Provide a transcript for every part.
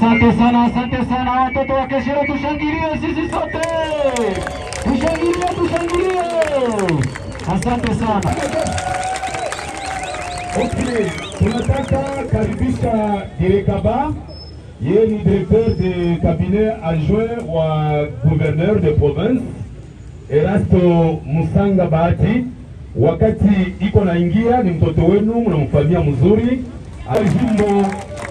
Asante sana, asante sana watoto wa Keshero, tushangilie sisi sote, tushangilie, tushangilie. Asante sana. Okay, tunataka karibisha Direkaba, yeye ni directeur de cabinet adjoint wa gouverneur de province Erasto Musanga Bahati. Wakati iko naingia, ni mtoto wenu, mnamfanyia mzuri jimbo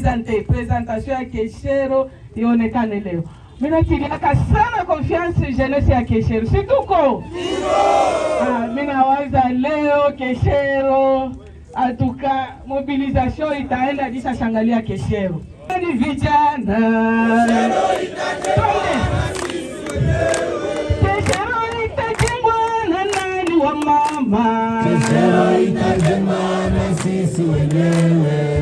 présenter présentation ya Keshero ionekane leo. Minatiliaka sana confiance jeunesse ya Keshero, si tuko ah, minawaza leo Keshero atuka mobilisation itaenda kisha shangalia Keshero ni vijana Keshero itajengwa na nani wa mama Keshero itajengwa na sisi wenyewe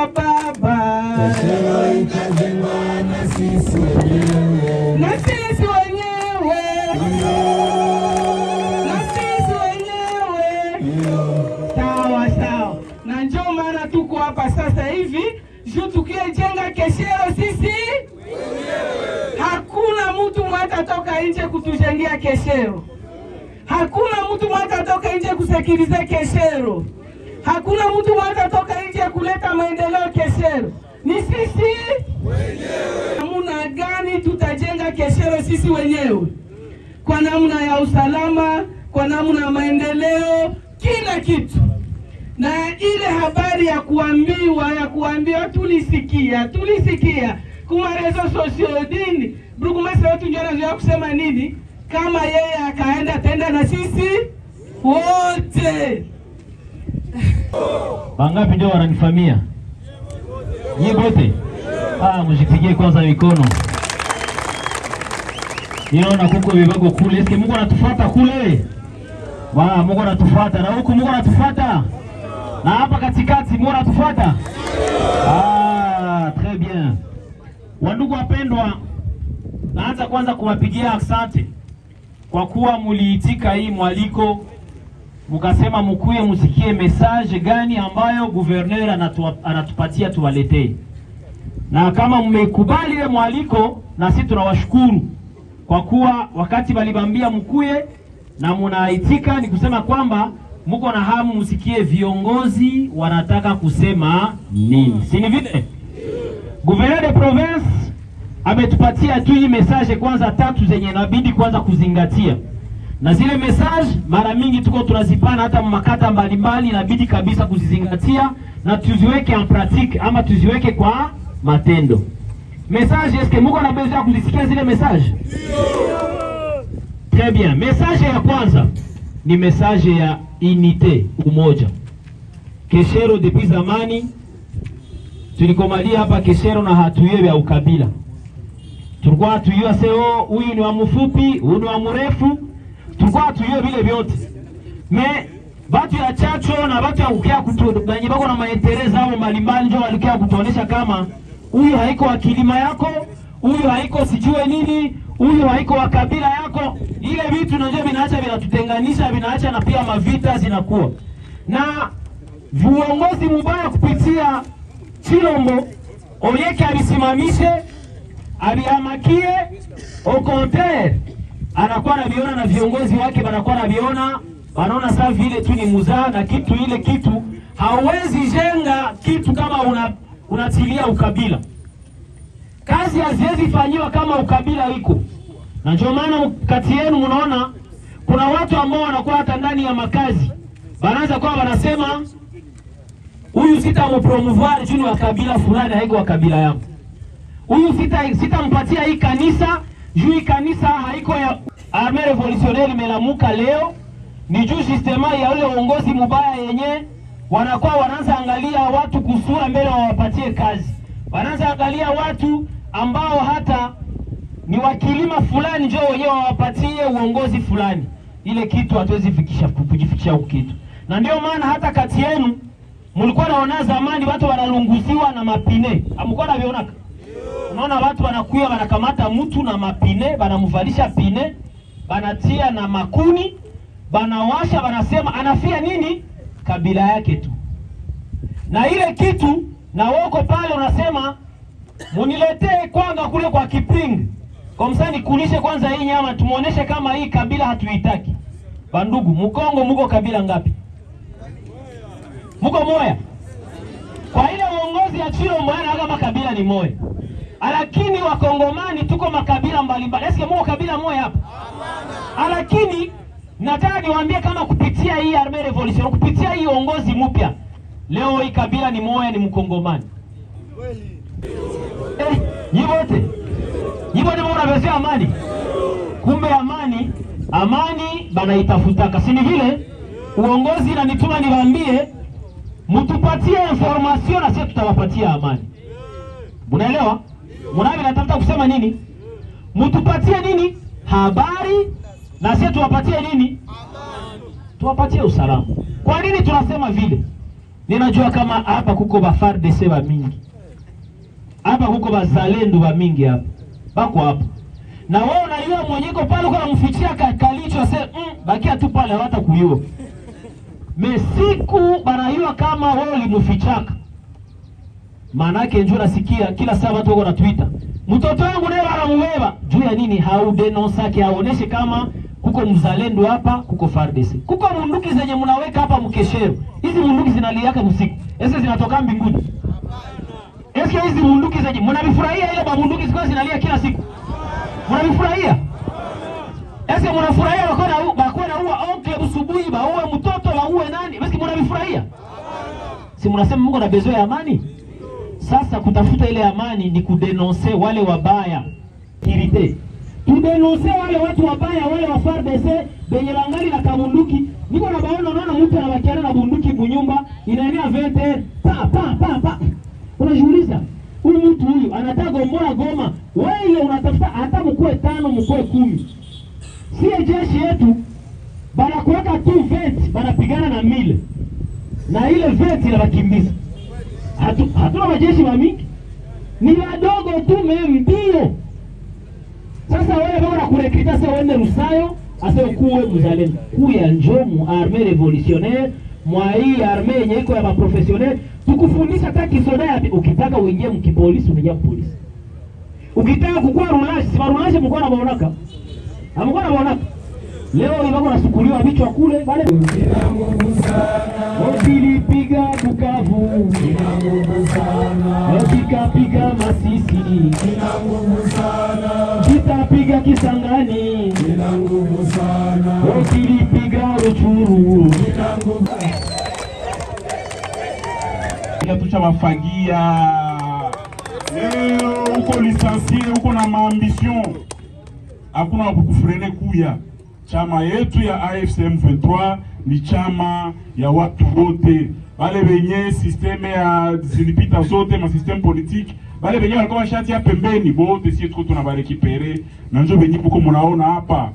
Baba, itajengwa na sisi wenyewe, na sisi wenyewe, na sisi wenyewe. Sawa sawa, na maana tuko hapa sasa hivi juu tukijenga keshero sisi hakuna mtu mwata toka nje kutujengia keshero, hakuna mtu mwatatoka nje kusikiliza keshero, hakuna mtu mwata toka ya kuleta maendeleo Keshero. Ni sisi wenyewe. Namna gani tutajenga Keshero sisi wenyewe, kwa namna ya usalama, kwa namna ya maendeleo, kila kitu. Na ile habari ya kuambiwa ya kuambiwa, tulisikia tulisikia kuma rezo sosio dini brukumasa wetu ndio kusema nini, kama yeye akaenda tenda na sisi wote. Wangapi ndio wananifamia? Nyinyi bote Ah, mjipigie kwanza mikono. Niona kuko vibago kule. Eske Mungu anatufuata kule? Wow, Mungu anatufuata na huku Mungu anatufuata. Na hapa katikati Mungu anatufuata. Ah, très bien. Wandugu wapendwa, naanza kwanza kuwapigia asante kwa kuwa muliitika hii mwaliko mukasema mukuye musikie message gani ambayo guverner anatupatia tuwaletee. Na kama mmekubali ile mwaliko, na sisi tunawashukuru kwa kuwa wakati walibambia mkuye na munaitika, ni kusema kwamba muko na hamu musikie viongozi wanataka kusema nini, si ni vile? Gouverneur de province ametupatia tu hii message kwanza tatu zenye inabidi kwanza kuzingatia na zile message mara mingi tuko tunazipana hata makata mbalimbali, inabidi kabisa kuzizingatia na tuziweke en pratique ama tuziweke kwa matendo. Message, que muko na besoin ya kuzisikia zile message? Très bien. Message ya kwanza ni message ya unité, umoja. Keshero depuis zamani tulikomalia hapa Keshero na hatuyewe ya ukabila, tulikuwa hatuyua seo, huyu ni wa mfupi, huyu ni wa mrefu tukwatuywe bile byote me batu ya chacho na batu ya kukia benye bako na maetereza ao mbalimbali njo walikia kutuonesha kama huyu haiko kilima yako, huyu haiko sijue nini, huyu haiko wa kabila yako. Ile vitu najua vinaacha vinatutenganisha, vinaacha na pia mavita zinakuwa na viongozi mubaya kupitia Chilombo Oyeke avisimamishe aviamakie au contraire anakuwa anaviona na viongozi wake wanakuwa anaviona, wanaona saa vile tu ni muzaa na kitu ile kitu. Hauwezi jenga kitu kama una unatilia ukabila. Kazi haziwezi fanyiwa kama ukabila iko, na ndio maana kati yenu mnaona kuna watu ambao wanakuwa hata ndani ya makazi wanaanza kuwa wanasema huyu sitampromouvoir juu ni wa kabila fulani, haiko wa kabila yangu. Huyu sitampatia sita hii kanisa juu hii kanisa haiko ya Arme Revolutionnaire imelamuka leo ni juu sistema ya ule uongozi mubaya yenye wanakuwa wanaanza angalia watu kusura mbele wawapatie kazi, wanaanza angalia watu ambao hata ni wakilima fulani njoo wenyewe wawapatie uongozi fulani. Ile kitu hatuwezi fikisha kujifikisha huko kitu, na ndio maana hata kati yenu mlikuwa naona zamani watu wanalunguziwa na mapine, amkuwa navionaka, unaona watu wanakuya wanakamata mtu na mapine, wanamvalisha pine banatia na makuni banawasha, banasema anafia nini kabila yake tu, na ile kitu na woko pale unasema muniletee kwanga kule kwa kipingi kwa msani kulishe kwanza hii nyama tumuoneshe kama hii kabila hatuitaki. Bandugu Mkongo, muko kabila ngapi? Muko moya. Kwa ile uongozi ya Chilombo yana kama kabila ni moya. Lakini wakongomani tuko makabila mbalimbali, asimo kabila moja hapa, lakini nataka niwaambie kama kupitia hii arme revolution, kupitia hii uongozi mpya leo hii kabila ni moja, ni mkongomani eh, nyivote nyivote amani. Kumbe amani amani banaitafutaka, si ni vile uongozi nanituma niwaambie mtupatie information na sisi tutawapatia amani, munaelewa? mwanawe anatafuta kusema nini? Mtupatie nini? Habari na sisi tuwapatie nini? Tuwapatie usalama. Kwa nini tunasema vile? Ninajua kama hapa kuko ba FARDC ba mingi. Hapa kuko bazalendo ba mingi hapa. Bako hapa. Na wewe unaiua mwenyeko pale kwa kumfichia kalicho ase mm, bakia tu pale hata kuiua. Mesiku banaiua kama wewe ulimfichaka. Maanake njoo nasikia kila saa watu wako na Twitter, mtoto wangu leo anamubeba juu ya nini? Haudenonsa yake haoneshe kama kuko mzalendo hapa, kuko FARDC, kuko munduki zenye mnaweka hapa mkeshero. Hizi munduki zinaliaka msiku ese zinatoka mbinguni? Eske hizi munduki zenye mnavifurahia, ile ba munduki ziko zinalia kila siku, mnavifurahia? Eske mnafurahia bakwe na uwa oncle busubuhi, bauwe mtoto, bauwe nani? Eske mnavifurahia? Si mnasema Mungu na bezo ya amani sasa kutafuta ile amani ni kudenonse wale wabaya irite tudenonse wale watu wabaya wale wa FARDC benye bangali na kabunduki, niko na baona, naona mtu anabakiana na bunduki bunyumba inaenea vete pa pa pa pa, unajiuliza huyu mtu huyu anataka gombola Goma, wewe unatafuta hata mkoe tano mkue kumi. Sie jeshi yetu kuweka tu veti banapigana na mile na ile veti inabakimbiza hatuna majeshi mamingi, ni wadogo tu mbio. Sasa wewe bora kurekita sasa uende Rusayo ase ukuwe mzalendo kuya njo mu arme revolutionnaire mwa hii arme yenye iko ya maprofessionnel tukufundisha hata kisoda. ya Ukitaka uingie mkipolisi unaingia mpolisi, ukitaka kukua rulashi si rulashi mko na baonaka amko na baonaka leo ibako nasukuliwa vichwa kule bale nguvu, sana. Piga Masisi, ina nguvu sana. Kitapiga Kisangani, ina nguvu sana. Kilipiga Ruchuru, ina nguvu. Tuchawafagia leo, uko lisansie, uko na maambision, hakuna wakukufurene kuya chama yetu ya AFC M23 ni chama ya watu wote wale wenye sisteme ya zilipita zote ma systeme politique wale wenye walikuwa shati ya pembeni bote, sisi tuko tunabarekipere na njoo wenye kuko mnaona hapa,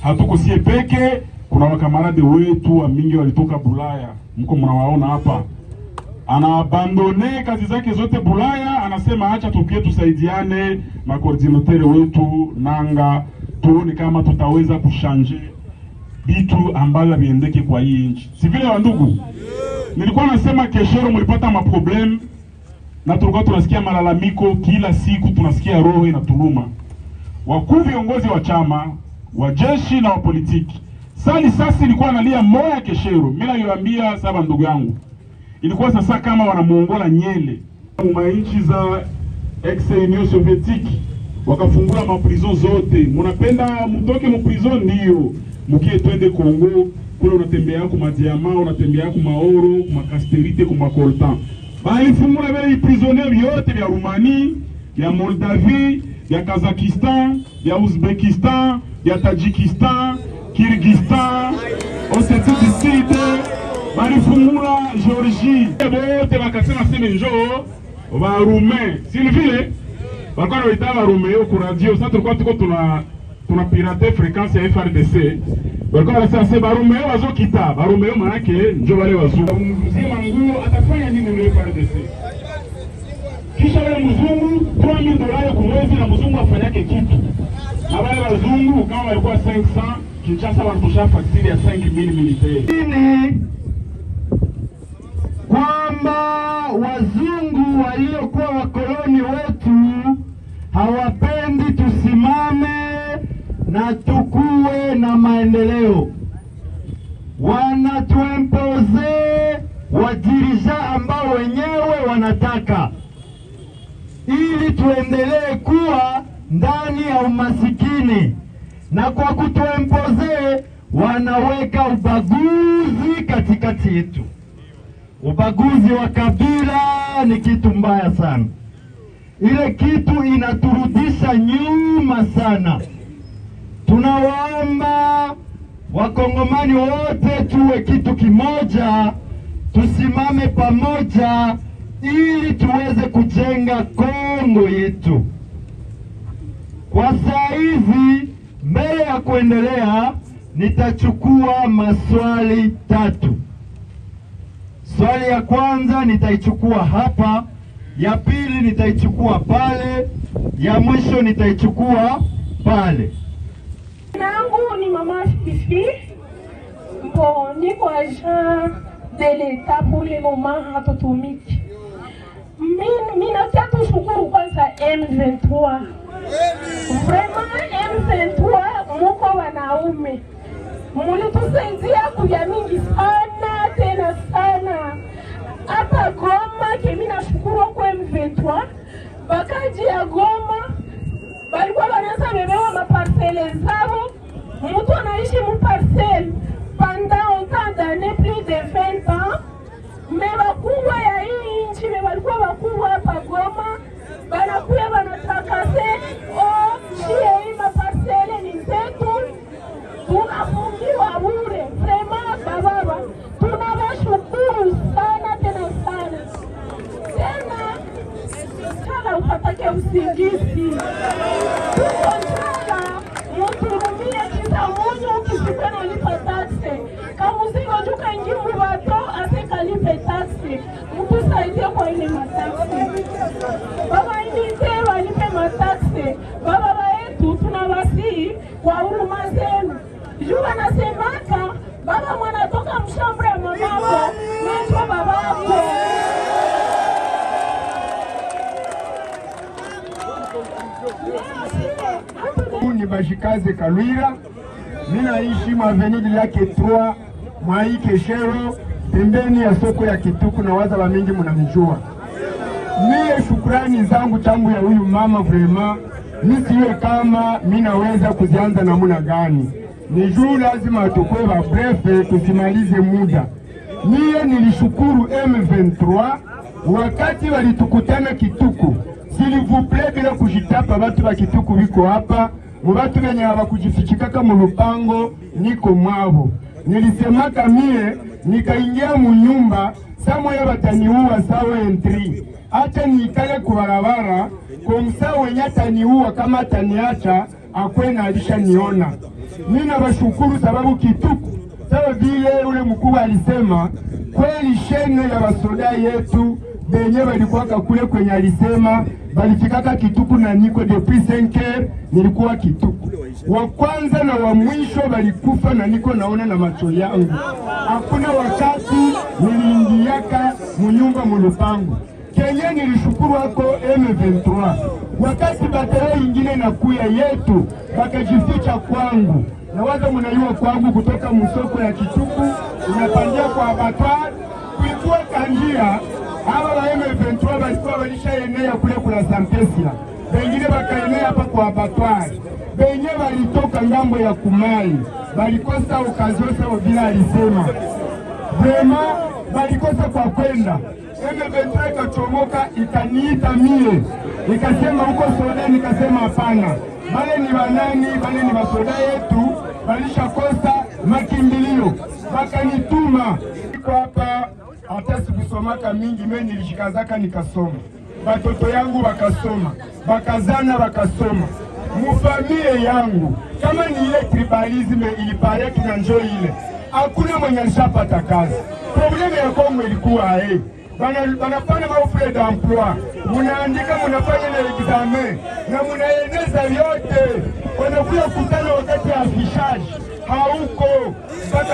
hatuko sie peke, kuna wakamarade wetu wa mingi walitoka Bulaya, mko mnawaona hapa. Anaabandone kazi zake zote Bulaya, anasema acha tupie tusaidiane, makoordinatere wetu nanga tuone kama tutaweza kushanje vitu ambavyo viendeke kwa hii nchi, si vile ndugu? Nilikuwa nasema keshero mlipata maproblemu na tulikuwa tunasikia malalamiko kila siku, tunasikia roho inatuluma. Wakuu viongozi wa chama wa jeshi na wa politiki sali sasa, ilikuwa analia moya keshero. Mimi niliwaambia saba, ndugu yangu, ilikuwa sasa kama wanamuongola nyele mainchi za ex-Union Sovietiki wakafungula maprizo zote. Munapenda mtoke muprizo, ndio mukie twende Kongo kule, unatembea ku madiama, unatembea ku maoro, ku makasterite, ku vile vya Rumani, vya Moldavi, vya Kazakistan, vya Uzbekistan, vya Tajikistan, Kirgistan, Ossetie du Bali Georgie, bote njoo wa en walikuwa naita barume yo ku radio. Sasa tulikuwa tuko tuna tuna pirate frequence ya FRDC, walikuwa wanasema sasa ba Romeo wazo kita ba Romeo, maana yake njoo wale wazungu. mzee nguo atafanya nini yule FRDC? Kisha wale mzungu kwa mimi dola kwa mwezi, na mzungu afanyake kitu na wale wazungu kama walikuwa 500 Kinshasa, wanatusha faktiri ya 5000 militaire kwamba wazungu waliokuwa wakoloni wetu hawapendi tusimame na tukue na maendeleo. Wanatuempoze wadirija ambao wenyewe wanataka, ili tuendelee kuwa ndani ya umasikini, na kwa kutuempoze wanaweka ubaguzi katikati yetu. Ubaguzi wa kabila ni kitu mbaya sana ile kitu inaturudisha nyuma sana. Tunawaomba wakongomani wote tuwe kitu kimoja, tusimame pamoja ili tuweze kujenga Kongo yetu. Kwa saa hizi, mbele ya kuendelea, nitachukua maswali tatu. Swali ya kwanza nitaichukua hapa ya pili nitaichukua pale, ya mwisho nitaichukua pale. Nangu ni mama Fifi mpo, niko agent de l'etat pour le moment, hatutumiki. Mimi nataka tushukuru kwanza M23, vraiment M23, muko wanaume mulitusaidia kuya mingi sana tena sana hapa Goma kemina sí, kwa huruma zenu. Juu anasemaka baba mwanatoka mshambre ya mamako najua babako. Ni Bashikaze Kalwira, minaishi mwavenidi lake Trois Mwaikeshero, pembeni ya soko ya Kituku na waza bamingi munamjua. Mie shukrani zangu tangu ya huyu mama vrema misiye kama minaweza kuzianza namuna gani. Ni juu lazima tukwe ba brefe kusimalize muda. Niye nilishukuru M23 wakati walitukutana Kituku, silivouple bila kushitapa batu ba Kituku biko hapa mu batu benye abakujifichikaka lupango, niko mwavo. Nilisemaka mie nikaingia mu nyumba samoya, bataniua sawa entry hata niitale kubarabara ko msaa wenye ataniua kama ataniacha akwena alishaniona. Mimi nabashukuru sababu kituku sawa vile ule mkubwa alisema kweli, shene ya basoda yetu benye balikuwaka kule kwenye alisema balifikaka kituku na niko depuis 5h nilikuwa kituku wa kwanza na wa mwisho balikufa, na niko naona na macho yangu. Hakuna wakati niliingiaka munyumba mulupangu kenye nilishukuru hako M23 wakati batera ingine nakuya yetu bakajificha kwangu, na waza munaiwa kwangu kutoka musoko ya Kichuku unapandia kwa Bakari kuikuwa kanjia. Hawa wa M23 walikuwa walishaenea kule kula Sampesia, bengine bakaenea hapa kwa Bakari, benye walitoka ngambo ya Kumai walikosa ukaziosa bila alisema vema walikosa kwa kwenda M23 ikachomoka, ikaniita mie, ikasema huko soda, nikasema hapana, bale ni banani, bale ni basoda yetu, walishakosa makimbilio, wakanituma iko hapa. Hata sikusomaka mingi, mimi nilishikazaka nikasoma, batoto yangu wakasoma bakazana bakasoma mufamie yangu kama ni ile tribalisme na kinanjo ile, hakuna mwenye alishapata kazi. Problemu ya Kongo ilikuwa d'emploi, munaandika munafanya na na wanakuya kutana wakati hauko.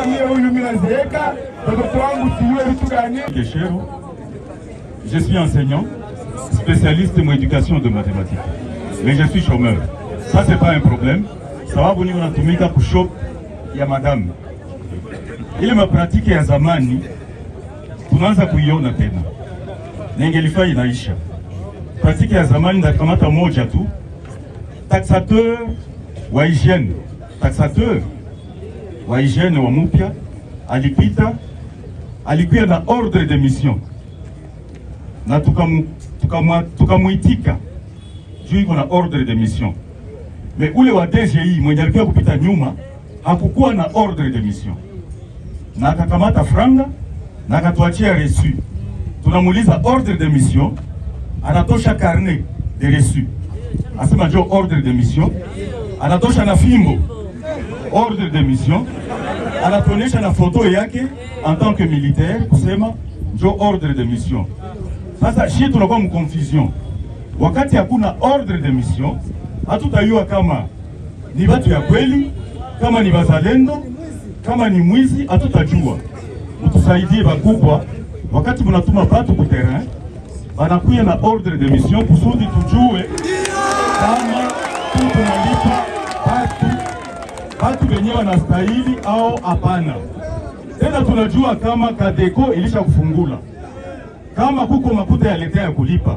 mie huyu watoto wangu gani. je suis enseignant spécialiste en éducation de mathématiques mais je suis chômeur. Ça c'est pas un problème, sababu ni Il y a madame ile mapratiki ya zamani tunaanza kuiona tena, nengelifaa inaisha. Pratiki ya zamani ndakamata moja tu, taxateur wa hygiene, taxateur wa hygiene wa mupya alipita, alikuwa na ordre de mission na tukamwitika juu iko na ordre de mission, me ule wa DGI mwenye alikuwa kupita nyuma hakukuwa na ordre de mission na akakamata franga na akatuachia resu. Tunamuuliza ordre de mission, anatosha carnet de resu, asema jo ordre de mission, anatosha na fimbo ordre de mission, anatuonyesha na foto yake en tant que militaire kusema jo ordre de mission. Sasa shi tunakuwa mconfusion, wakati hakuna ordre de mission hatutayua kama ni watu ya kweli kama ni bazalendo kama ni mwizi hatutajua. mutusaidie bakubwa, wakati munatuma batu kuterrain, banakuya na ordre de mission kusudi tujue kama tunalipa batu batu wenye wanastahili au hapana. Tena tunajua kama Kadeko ilisha kufungula, kama kuko makuta ya leta ya kulipa,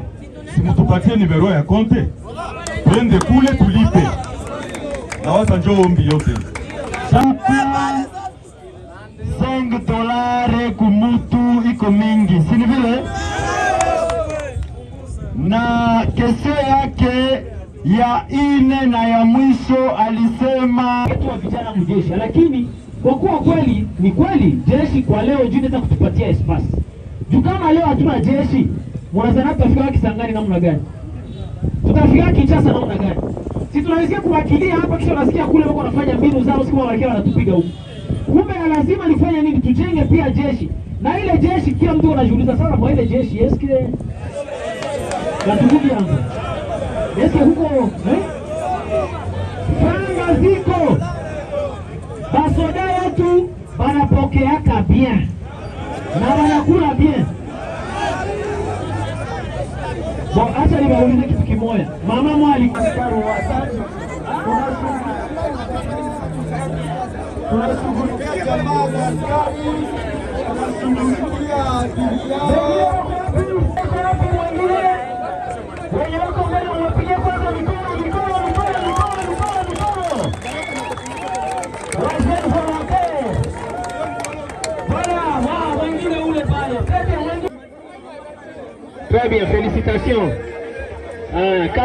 simutupatie nimero ya konte, twende kule tulipe. Nawaza njoo ombi yote Shaka mingi dolare kumutu iko mingi, si ni vile? Na kese yake ya ine na ya mwisho alisema wa vijana mjeshi, lakini kwa kuwa kweli ni kweli, jeshi kwa leo juu inaweza kutupatia espasi juu kama leo hatuna jeshi, mwanazana tutafika Kisangani namna gani? Tutafika Kinshasa namna gani? Si tunaweza kuwakilia hapa, kisha nasikia kule wako wanafanya mbinu zao, siku wanakiwa wanatupiga huko Kumbe na lazima nifanye nini? Tujenge pia jeshi, na ile jeshi kila mtu anajiuliza sana kwa ile jeshi eske natukuvianza eske huko eh? Fanga ziko basoda wetu wanapokeaka bien na wanakula bien. Acha niwaulize kitu kimoya mama mwali Très bien, félicitations. Euh, ah,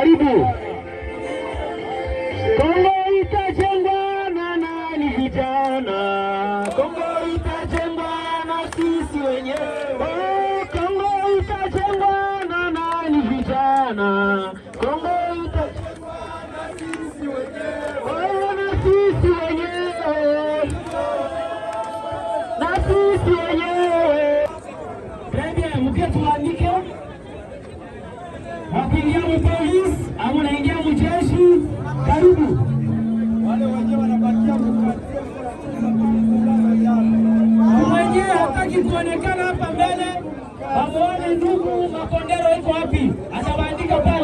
na sisi wenyewe rejea, mke tuandike, naingia mjeshi, karibu wale wenyewe wanabakia mwenyewe hataki kuonekana hapa mbele, wamuone ndugu Makondero iko wapi?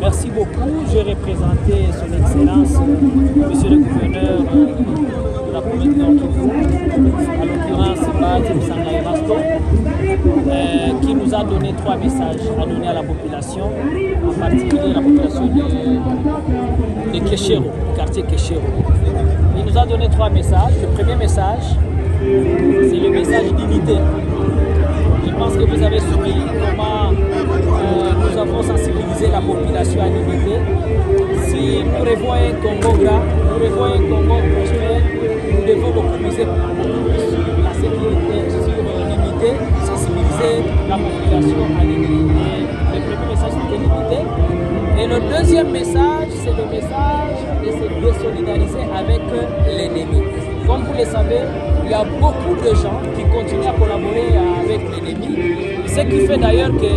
Merci beaucoup. J'ai représenté Son Excellence, Monsieur le Gouverneur euh, de la province de en l'occurrence Bad Rasto, euh, qui nous a donné trois messages à donner à la population, en particulier la population de, de le quartier Keshero. Il nous a donné trois messages. Le premier message, c'est le message d'unité. Je pense que vous avez suivi comment euh, nous avons sensibilisé la population à l'unité. Si nous revoyons un Congo gras, nous revoyons un Congo prospère, nous devons beaucoup plus sur la sécurité, sur l'unité, sensibiliser la population à l'unité. Le premier message, c'est l'unité. Et le deuxième message, c'est le message de se désolidariser avec l'ennemi. Comme vous le savez, il y a beaucoup de gens qui continuent à collaborer avec l'ennemi. Ce qui fait d'ailleurs que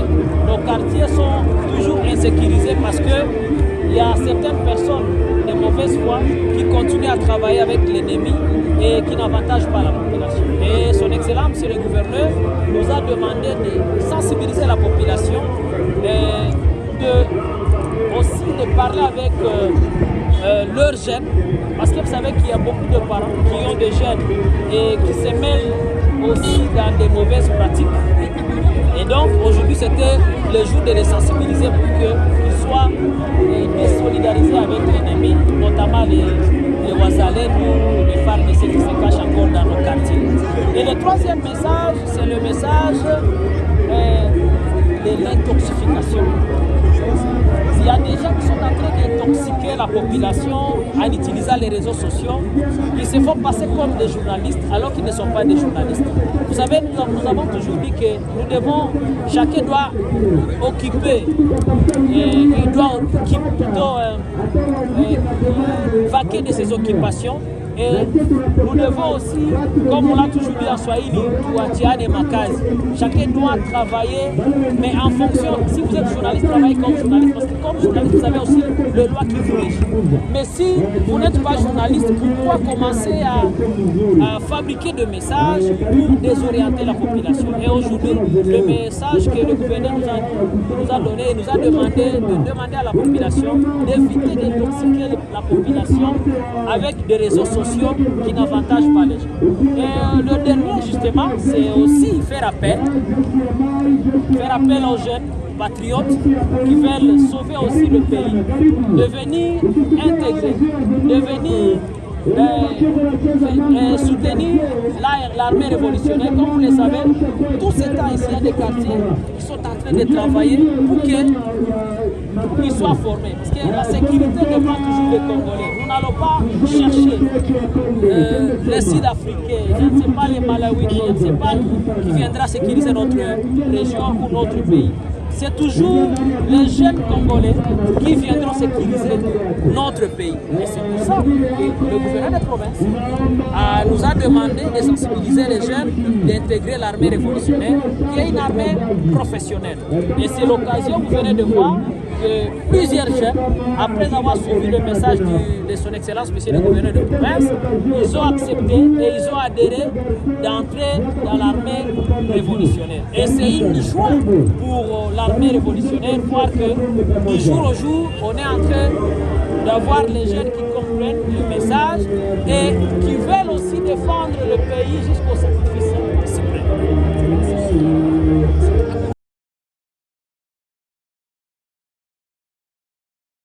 nos quartiers sont toujours insécurisés parce qu'il y a certaines personnes de mauvaise foi qui continuent à travailler avec l'ennemi et qui n'avantagent pas la population. Et son Excellence, Monsieur le Gouverneur, nous a demandé de sensibiliser la population, et de, aussi de parler avec... Euh, leur leurs parce que vous savez qu'il y a beaucoup de parents qui ont des jeunes et qui se mêlent aussi dans des mauvaises pratiques. Et donc aujourd'hui c'était le jour de les sensibiliser pour qu'ils soient désolidarisés euh, avec l'ennemi, notamment les, les les femmes de ceux qui se cachent encore dans nos quartiers. Et le troisième message, c'est le message euh, de l'intoxication. Il y a des gens qui sont en train d'intoxiquer la population en utilisant les réseaux sociaux. Ils se font passer comme des journalistes alors qu'ils ne sont pas des journalistes. Vous savez, nous, avons toujours dit que nous devons, chacun doit occuper, euh, il doit occuper, plutôt euh, euh, vaquer de ses occupations et nous devons aussi, comme on l'a toujours dit à Swahili, et makazi. Chacun doit travailler, mais en fonction, si vous êtes journaliste, travaillez comme journaliste, parce que comme journaliste, vous avez aussi le droit qui vous Mais si vous n'êtes pas journaliste, pourquoi commencer à, fabriquer des messages pour désorienter la population Et aujourd'hui, le message que le gouverneur nous a, donné a donné, nous a demandé de demander à la population d'éviter d'intoxiquer la population avec des réseaux sociaux qui n'avantage pas les gens. Et euh, le dernier, justement, c'est aussi faire appel, faire appel aux jeunes patriotes qui veulent sauver aussi le pays, devenir intégrés, devenir soutenir l'armée révolutionnaire. Comme vous le savez, tous ces temps il des quartiers qui sont en train de travailler pour qu'ils soient formés. Parce que la sécurité dépend toujours des Congolais. Nous n'allons pas chercher euh, les Sud-Africains, je ne sais pas les Malawites je ne sais pas qui viendra sécuriser notre région ou notre pays c'est toujours les jeunes Congolais qui viendront sécuriser notre pays. Et c'est pour ça que le gouverneur de province euh, nous a demandé de sensibiliser les jeunes d'intégrer l'armée révolutionnaire, qui est une armée professionnelle. Et c'est l'occasion, vous venez de voir, que plusieurs jeunes, après avoir suivi le message de son Excellence, Monsieur le gouverneur de province, ils ont accepté et ils ont adhéré d'entrer dans l'armée révolutionnaire. Et c'est une joie pour euh, l'armée révolutionnaire, voir que du jour au jour, on est en train d'avoir les jeunes qui comprennent le message et qui veulent aussi défendre le pays jusqu'au sacrifice suprême.